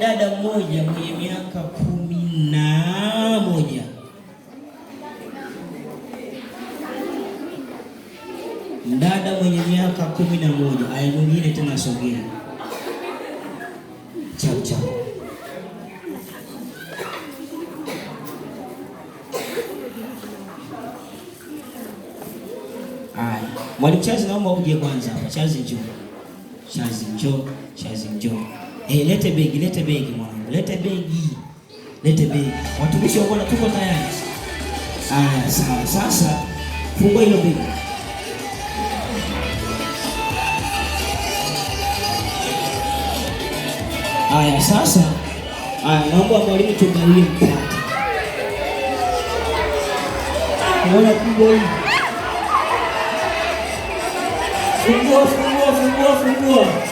Dada mmoja mwenye miaka kumi na moja mdada mwenye miaka kumi na moja Aya, mwingine tena sogea, chau chau Aya, mwalimu Chazi, naomba uje kwanza hapa. Chazi njoo, Chazi njoo, Chazi njoo. Eh, lete begi, lete begi mwanangu, lete begi, lete begi. Watumishi wa Bwana tuko tayari. Haya, sawa. Sasa fungua hilo begi. Haya, sasa haya, naomba mwalimu tugawie mkate. Unaona kubwa hii? Fungua, fungua, fungua, fungua.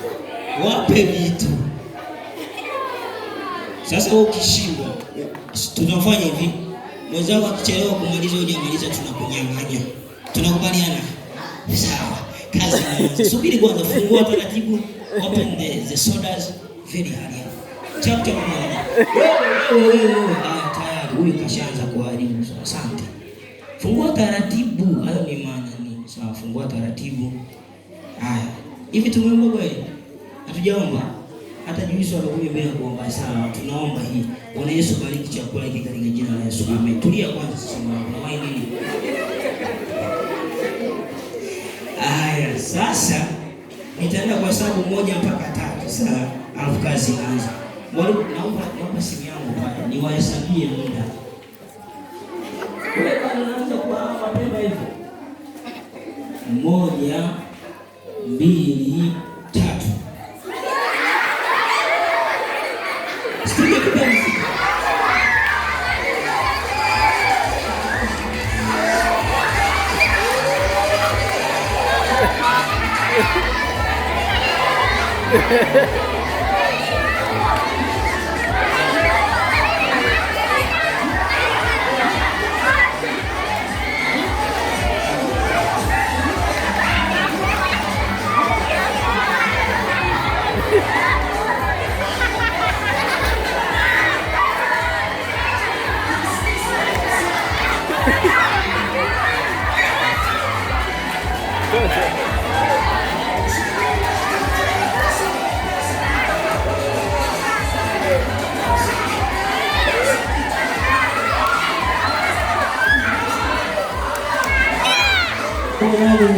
wape vitu. Sasa wewe ukishindwa, tunafanya hivi, mwenzao akichelewa kumaliza, hujamaliza, tunakunyang'anya. Tunakubaliana sawa? Kazi inaanza. Subiri kwanza, fungua taratibu, open the sodas very hard chapter tayari huyu kashaanza kuharibu. Asante, fungua taratibu. Hayo ni maana ni sawa, fungua taratibu. Haya, hivi tumeomba kweli Hatujaomba hata juisi wamekuja bila kuomba. Sawa, tunaomba hii. Bwana Yesu, bariki chakula hiki katika jina la Yesu. Amen. Tulia kwanza sisi mwanangu. Unawahi nini? Aya, sasa nitaenda kwa sababu moja mpaka tatu. Sawa, alafu kazi inaanza. Mwalimu, naomba naomba simu yangu pale niwahesabie muda. Kule bwana naanza kwa mapema hivyo. Moja, mbili, Explica o que Yeah. 恭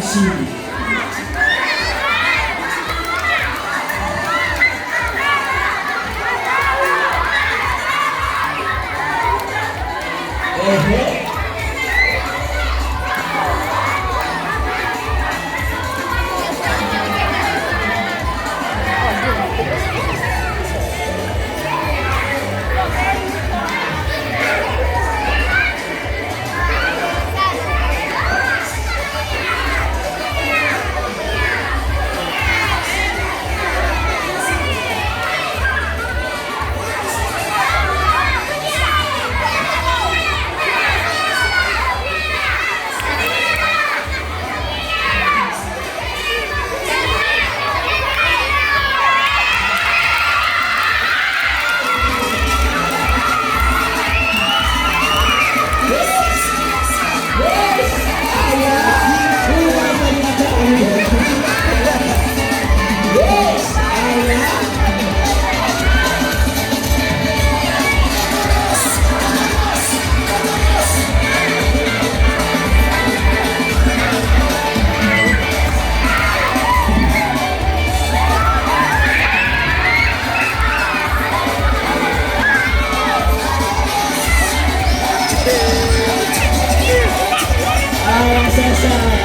喜！side